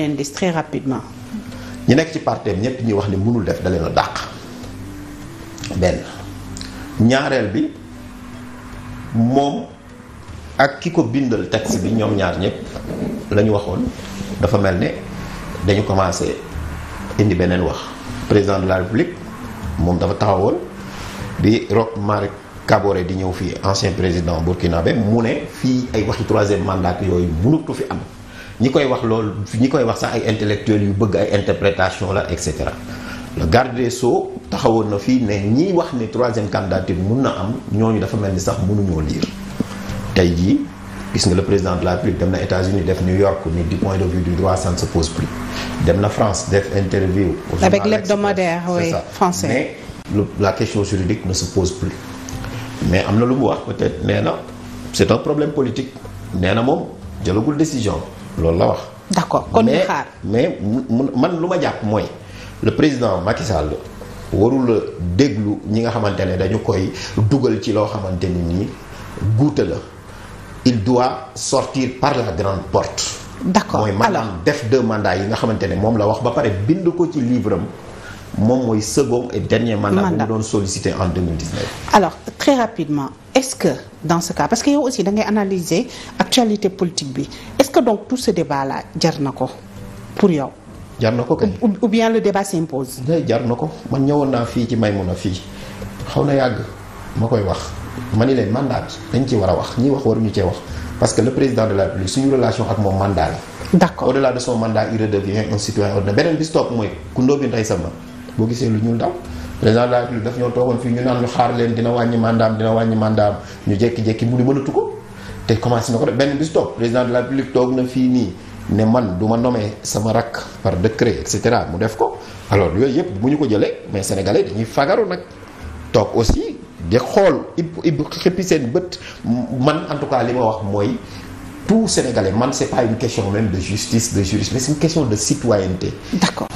d'indice très rapidement. ñi nekk ci parteem ñëpp ñuy wax ni mënul def da leen dàq benn ñaareel bi moom ak ki ko bindal texte bi ñoom ñaar ñëpp la waxoon dafa mel ne dañu commencé indi beneen wax président de la république moom dafa taxawoon bi Roch Marc Kaboré di ñëw fii ancien président burkinabé mu ne fii ay waxi troisième mandat yooyu mënutu fi am. ñi koy wax loolu ñi koy wax sax ay intellectuels yu bëgg ay interprétation la et cetera le garde des taxawoon na fii ne ñiy wax ne troisième candidature mun na am ñooñu dafa mel ni sax mënuñoo lire tey jii gis nga la président de la République dem na États-Unis def New York ni du point de vue du droit ça ne pose plus dem na France def interview avec l'hebdomadaire oui français mais le, la question juridique na se pose plus mais am na lu mu wax peut-être nee na c'est un problème politique nee na moom jëlagul décision loolu la wax. d'accord kon ñu xaar mais mais man lu ma jàpp mooy le président Macky Sall warul déglu ñi nga xamante ne dañu koy dugal ci loo xamante ni nii guute la il doit sortir par la grande porte. d'accord mooy maanaam def deux mandats yi nga xamante ne moom la wax ba pare bind ko ci livre am moom mooy second et dernier mandat bu mu doon sollicité en 2019. est-ce que dans ce cas parce que yow aussi da ngay analyser actualité politique bi est-ce que donc tout ce débat là jar na ko pour yow. jar na ko kay ou bien le débat s'impose. jar na ko man ñëwoon naa fii ci Maymuna fii xaw na yàgg ma koy wax ma ni leen mandat bi dañ ci war a wax ñi wax waruñu cee wax parce que le président de la République suñu relation ak moom mandat la. d'accord au-delà de son mandat il redevient un citoyen ordinaire beneen bi si lu ñuul daw. président de la République daf ñoo toogoon fii ñu naan ñu xaar leen dina wàññi mandaam dina wàññi mandaam ñu jékki-jékki mu ni mënatu ko te commencé na ko def benn bis toog président de la République toog na fii nii ne man du ma nommé sama rakk par décret et cetera mu def ko alors yooyu yëpp bu ñu ko jëlee mais sénégalais dañuy fagaru nag toog aussi di xool ib xippi seen bët man en tout cas li ma wax mooy tout sénégalais man c'est pas une question même de de justice mais c'est une question de citoyenneté d'accord